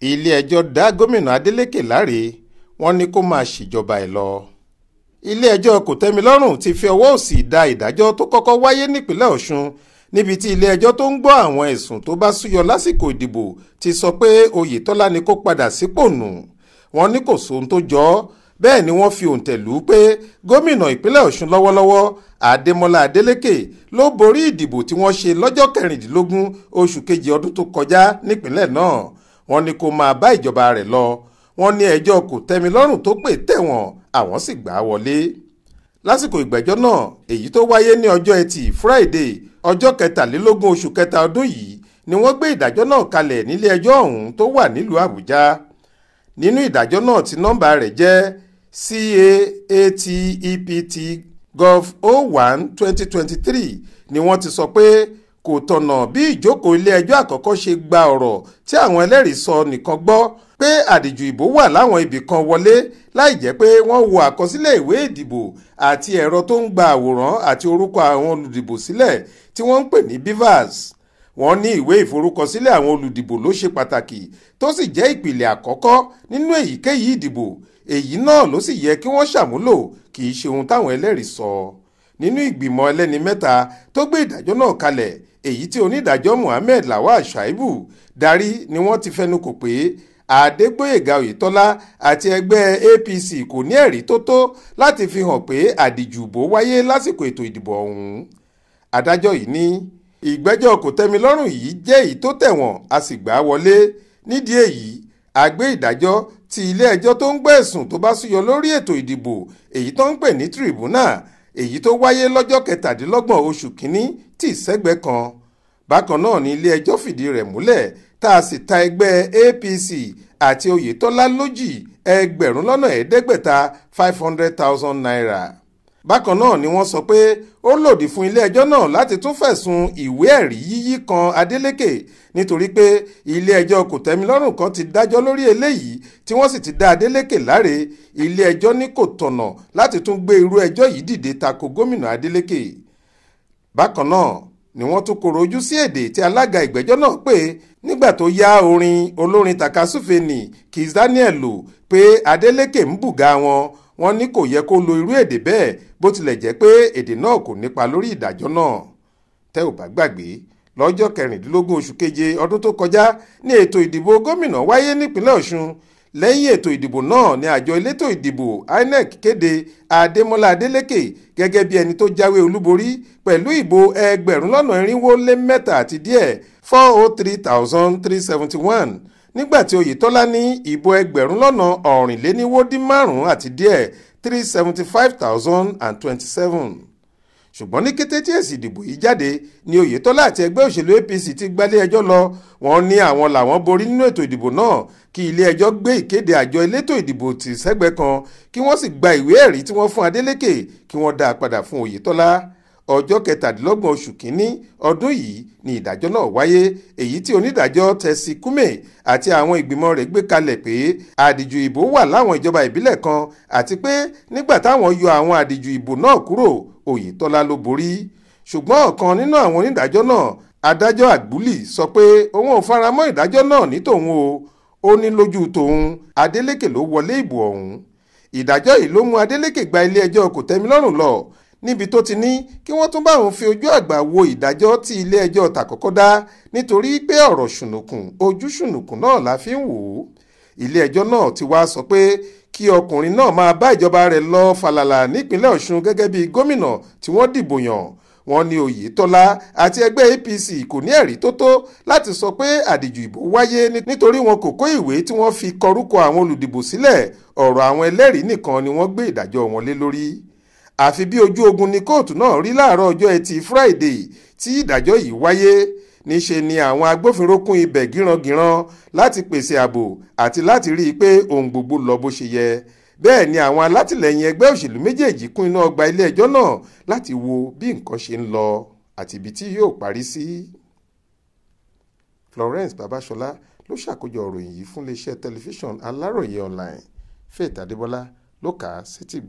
ilé-ẹjọ́ dá gómìnà adeleke láre wọ́n ní kó máa ṣèjọba ẹ̀ lọ. ilé-ẹjọ́ kòtẹ́milọ́rùn ti fi ọwọ́ òsì da ìdájọ́ tó kọ́kọ́ wáyé nípínlẹ̀ ọ̀ṣun níbi tí ilé-ẹjọ́ tó ń gbọ́ àwọn ẹ̀sùn tó bá súyọ lásìkò ìdìbò ti sọ pé oyetola ni kó padà sípò nù wọ́n ní kò sóhun tó jọ ọ́ bẹ́ẹ̀ ni wọ́n fi òǹtẹ̀ lù ú pé gómìnà ìpínlẹ̀ ọ̀ṣun lọ́wọ́lọ́wọ́ adémọlá adélékè ló borí ìdìbò tí wọ́n ṣe lọ́jọ́ kẹrìndínlógún oṣù kejì ọdún tó kọjá nípínlẹ̀ náà wọ́n ní kó máa bá ìjọba rẹ̀ lọ wọ́n ní ẹjọ́ kò tẹ́milọ́rùn tó pè tẹ̀wọ̀n àwọn sì gbà á wọlé lásìkò ìgbẹ́jọ́ náà èyí tó wáyé ní ọjọ́ ẹtì Friday ọjọ́ kẹtàlélógún oṣù kẹta ọdún yìí ni wọ́n gbé ìdájọ́ náà kalẹ̀ nílé ẹjọ́ ọ̀hún tó wà nílùú Àbújá nínú ìdájọ́ náà tí nọ́mbà rẹ̀ jẹ́ CAATEPT e gov 01 2023 ni wọ́n ti sọ pé kò tọ̀nà bí ìjókòó ilé-ẹjọ́ àkọ́kọ́ ṣe gba ọ̀rọ̀ tí àwọn ẹlẹ́rìí sọ nìkan gbọ́ pé àdìjú ìbò wà láwọn ibì kan wọlé láì jẹ́ pé wọ́n wo àkọsílẹ̀ ìwé ìdìbò àti ẹ̀rọ tó ń gba àwòrán àti orúkọ àwọn olùdìbò sílẹ̀ tí wọ́n ń pè ní BVAS wọ́n ní ìwé ìforúkọsílẹ̀ àwọn olùdìbò ló ṣe pàtàkì tó sì jẹ́ ìpìlẹ̀ àkọ́kọ́ nínú èyíkéyìí ìdìbò èyí náà ló sì yẹ kí wọ́n ṣàmúlò kì ṣe ohun táwọn ẹlẹ́rìí sọ nínú ìgbìmọ̀ ẹlẹ́ni mẹ́ta tó gbé ìdájọ́ náà kalẹ̀ èyí tí onídàájọ́ Muhammed Lawal Shaibu darí ni wọ́n ti fẹnukò pé Adégbóyèga Oyètọ́lá àti ẹgbẹ́ APC kò ní ẹ̀rí tó tó láti fi hàn pé àdìjú ìbò wáyé lásìkò ètò ìdìbò ọ̀hún adájọ́ yìí ní ìgbẹ́jọ́ kòtẹ́milọ́rùn yìí jẹ́ èyí tó tẹ̀wọ̀n a sì gbà á wọlé nídìí èyí a gbé ìdájọ́ ti ilé ẹjọ́ tó ń gbọ́ ẹ̀sùn tó bá súyọ lórí ètò ìdìbò èyí tó ń pè ní tìrìbùnà èyí tó wáyé lọ́jọ́ kẹtàdínlọ́gbọ̀n oṣù kínní tì sẹ́gbẹ́ kan bákan náà ni ilé-ẹjọ́ fìdí rẹ̀ múlẹ̀ tá a sì ta ẹgbẹ́ APC àti Oyètọ́lá lójì ẹgbẹ̀rún lọ́nà ẹ̀ẹ́dẹ́gbẹ̀ta five hundred thousand naira bákan náà ni wọ́n sọ pé ó lòdì fún ilé-ẹjọ́ náà láti tún fẹ̀sùn ìwé ẹ̀rí yíyí kan Adeleke nítorí pé ilé-ẹjọ́ kòtẹ́milọ́rùn kan ti dájọ́ lórí eléyìí tí wọ́n sì ti dá Adeleke láre ilé-ẹjọ́ ní kò tọ̀nà láti tún gbé irú ẹjọ́ yìí dìde tako gómìnà Adeleke bákan náà ni wọ́n tún kòrò ojú sí èdè tí alága ìgbẹ́jọ́ náà pè nígbà tó yá orin olórin takasúfe ní Kiss Daniel lò pé Adeleke ń bùgá wọn wọ́n ní kò yẹ kó lo irú èdè bẹ́ẹ̀ bó tilẹ̀ jẹ́ pé èdè náà kò nípa lórí ìdájọ́ náà tẹ́ ò bá gbàgbé lọ́jọ́ kẹrìndínlógún oṣù keje ọdún tó kọjá ní ètò ìdìbò gómìnà wáyé nípínlẹ̀ Ọ̀ṣun lẹ́yìn ètò ìdìbò náà ni àjọ elétò ìdìbò INEC kéde Adémọ́lá Adélékè gẹ́gẹ́ bí ẹni tó jáwé olúborí pẹ̀lú ìbò ẹgbẹ̀rún lọ́nà irinwó lé mẹ́ta àti díẹ̀ four oh three thousand three seventy one nígbàtí Oyètọ́lá ní ìbò ẹgbẹ̀rún lọ́nà ọ̀rìnléníwó dín márùn-ún àti díẹ̀ three seventy five thousand and twenty seven ṣùgbọ́n ní kété tí èsì ìdìbò yìí jáde ni oyetola àti ẹgbẹ́ òṣèlú apc ti gbálé ẹjọ́ lọ wọ́n ní àwọn làwọn borí nínú ètò ìdìbò náà kí ilé ẹjọ́ gbé ìkéde àjọ elétò ìdìbò tì sẹ́gbẹ́ kan kí wọ́n sì gba ìwé ẹ̀rí tí wọ́n fún adeleke kí wọ́n dá a padà fún oyetola ọjọ́ kẹtàdínlọ́gbọ̀n oṣù kínní ọdún yìí ni ìdájọ́ náà wáyé èyí tí onídàájọ́ tẹ̀sí kúmè àti àwọn ìgbìmọ̀ rẹ̀ gbé kalẹ̀ pé àdìjú ìbò wà láwọn ìjọba ìbílẹ̀ kan àti pé nígbà táwọn yọ àwọn àdìjú ìbò náà kúrò Oyètọ́lá ló borí ṣùgbọ́n ọ̀kan nínú àwọn onídàájọ́ náà adájọ́ àgbúlì sọ pé òun ò fara mọ́ ìdájọ́ náà ní tòun o ó ní lójú tòun Adeleke ló wọlé ìbò ọ̀hún ìdájọ́ yìí ló mú Adeleke gba ilé-ẹjọ́ kòtẹ́milọ́rùn lọ níbi tó ti ní kí wọ́n tún bá òun fi ojú àgbà wo ìdájọ́ tí ilé-ẹjọ́ tàkọ́kọ́ dá nítorí pé ọ̀rọ̀ ṣùnùkùn ojú ṣùnùkùn náà la fi ń wò ó ilé-ẹjọ́ náà ti wá sọ pé kí ọkùnrin náà máa bá ìjọba rẹ̀ lọ fàlàlà nípínlẹ̀ ọ̀ṣun gẹ́gẹ́ bí gómìnà tí wọ́n dìbò yàn wọ́n ní oyetola àti ẹgbẹ́ apc kò ní ẹ̀rí tó tó láti sọ pé àdìjú ìbò wáyé nítorí wọn kò kó ìwé tí wọ́n fi kọrúkọ àwọn olùdìbò sílẹ̀ ọ̀rọ̀ àwọn ẹlẹ́rìí nìkan ni wọ́n gbé ìdájọ́ wọn lé lórí àfi bí ojú ogun ni kóòtù náà rí láàárọ̀ ọjọ́ ẹtì friday tí ìdájọ́ yìí wáyé níṣe ni àwọn agbófinró kún ibẹ̀ gírangiran láti pèsè ààbò àti láti rí i pé ohun gbogbo lọ bó ṣe yẹ bẹ́ẹ̀ ni àwọn alátìlẹyìn ẹgbẹ́ òṣèlú méjèèjì kún iná ọgbà ilé ẹjọ́ náà láti wo bí nǹkan ṣe ń lọ àti ibi tí yóò parí sí. Florence Babasola ló ṣàkójọ ìròyìn yìí fún iléeṣẹ́ tẹlifíṣàn Aláròye online Faith Adébọlá ló kà á sétí